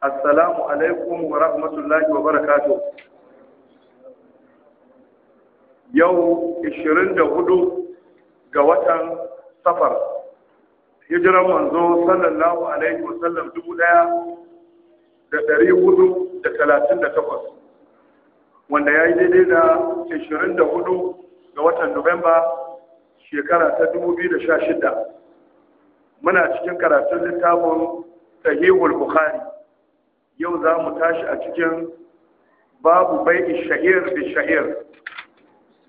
assalamu alaikum wa rahmatullahi wa barakatuh yau 24 ga watan safar hijiran manzo sallallahu alaihi wa sallam dubu daya da ɗari hudu da talatin da takwas wanda ya yi daidai da 24 ga watan nuwamba shekara ta 2016 muna cikin karatun littafin sahihul bukhari yau za mu tashi a cikin babu bai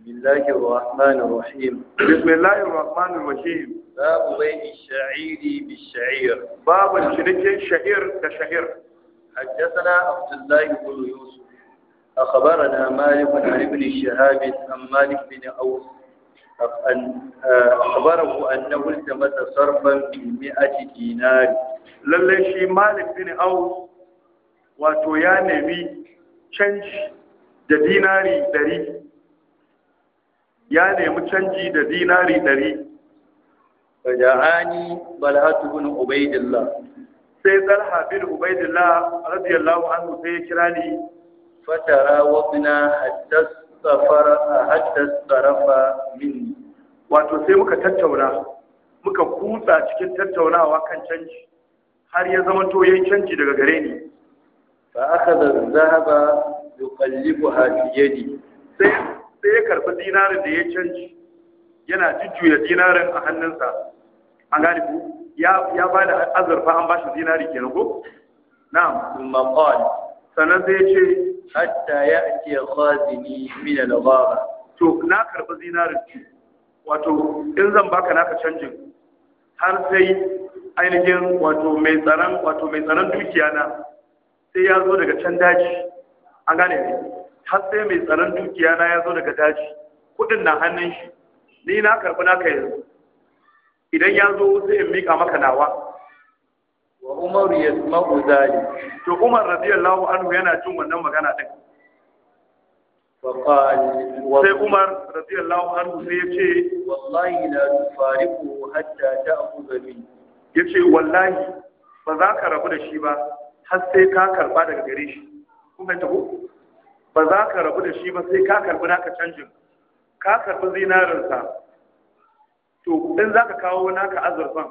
بسم الله الرحمن الرحيم بسم الله الرحمن الرحيم باب بيت الشعير بالشعير باب الشرك شهير كشهير حدثنا عبد الله بن يوسف أخبرنا مالك عن ابن الشهاب عن مالك بن أوس أن أخبره أنه التمس صرفا من مئة دينار للي شي مالك بن أوس wato ya nemi canji da dinari ɗari ya nemi canji da dinari ɗari ja'ani balhatu bin ubaidillah sai talha bin ubaidillah radiyallahu anhu sai ya kira ni fatara bina hatta safara hatta sarafa min wato sai muka tattauna muka kutsa cikin tattaunawa kan canji har ya zama to yayin canji daga gare ni fa akhadha adh-dhahaba yuqallibuha fi yadi sai sai ya karbi dinarin da ya canji yana jujjuya dinarin a hannunsa an gane ku ya ya bada azurfa an bashi dinari kenan ko na'am kuma qala sanan sai ya ce hatta ya'ti khazini min al-ghaba to na karbi dinarin wato in zan baka naka canjin har sai ainihin wato mai tsaron wato mai tsaron dukiya na sai ya zo daga can daji an gane ne har sai mai tsaron dukiya na ya zo daga daji kuɗin na hannun shi ni na karɓi naka yanzu idan ya zo sai in mika maka nawa wa Umar ya mahu zali to umar radiyallahu anhu yana jin wannan magana din sai umar radiyallahu anhu sai ya ce wallahi la tufariku hatta ta'khudha min yace wallahi ba za ka rabu da shi ba har sai ka karba daga gare shi kun fahimta ko ba za ka rabu da shi ba sai ka karbi naka canjin ka karbi zinarinsa to in za ka kawo naka azurfan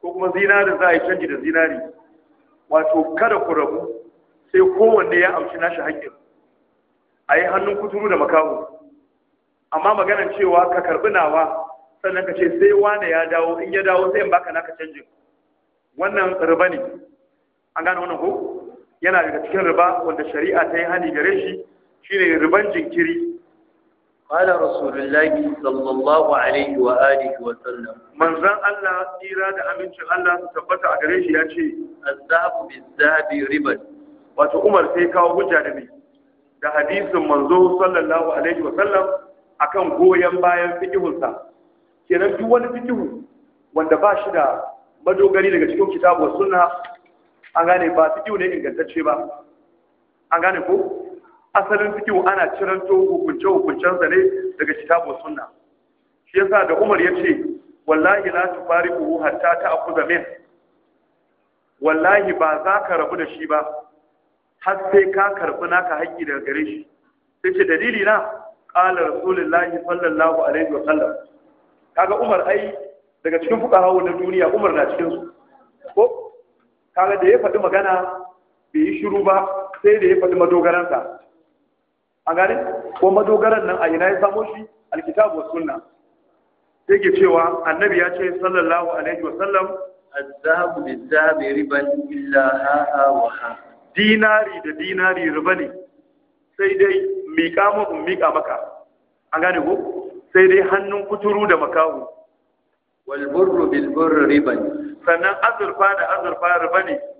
ko kuma zinarin za a yi canji da zinari wato kada ku rabu sai kowanne ya amshi nashi haƙƙin a yi hannun kuturu da makaho amma maganar cewa ka karbi nawa sannan ka ce sai wane ya dawo in ya dawo sai in baka naka canjin wannan riba ne an gane wannan ko yana daga cikin riba wanda shari'a ta yi hani gare shi shine riban jinkiri qala rasulullahi sallallahu alaihi wa alihi wa sallam manzon Allah tsira da amincin Allah su tabbata a gare shi ya ce bi zabi riban wato Umar sai kawo hujja da mai da hadisin manzo sallallahu alaihi wa sallam akan goyon bayan fikihunsa kenan duk wani fikihu wanda ba shi da madogari daga cikin kitabu wa sunna an gane ba su ne ingantacce ba an gane ko asalin fikihu ana ciran to hukunce hukuncensa ne daga kitabu sunna shi yasa da Umar ya ce wallahi la tufariquhu hatta ta'khudha min wallahi ba za ka rabu da shi ba har sai ka karbi naka haƙƙi daga gare shi sai ce dalili na qala rasulullahi sallallahu alaihi wa sallam kaga Umar ai daga cikin fuqaha na duniya Umar na cikinsu. ko kaga da ya faɗi magana bai yi shiru ba sai da ya faɗi madogaransa a gane ko madogaran nan a ina ya samo shi alkitabu wa sunna sai ke cewa annabi ya ce sallallahu alaihi wa sallam azhabu riba riban illa ha wa ha dinari da dinari riba ne sai dai miƙa mu miƙa maka A gane ko sai dai hannun kuturu da makahu wal burru bil burri riban sannan azurfa da azurfa riba ne